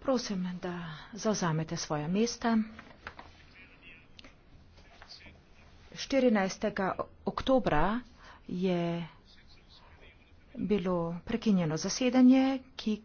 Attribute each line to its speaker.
Speaker 1: prosim da zavzamete svoja mesta 14. oktobra je bilo prekinjeno
Speaker 2: zasedanje ki ga je sklicala vlada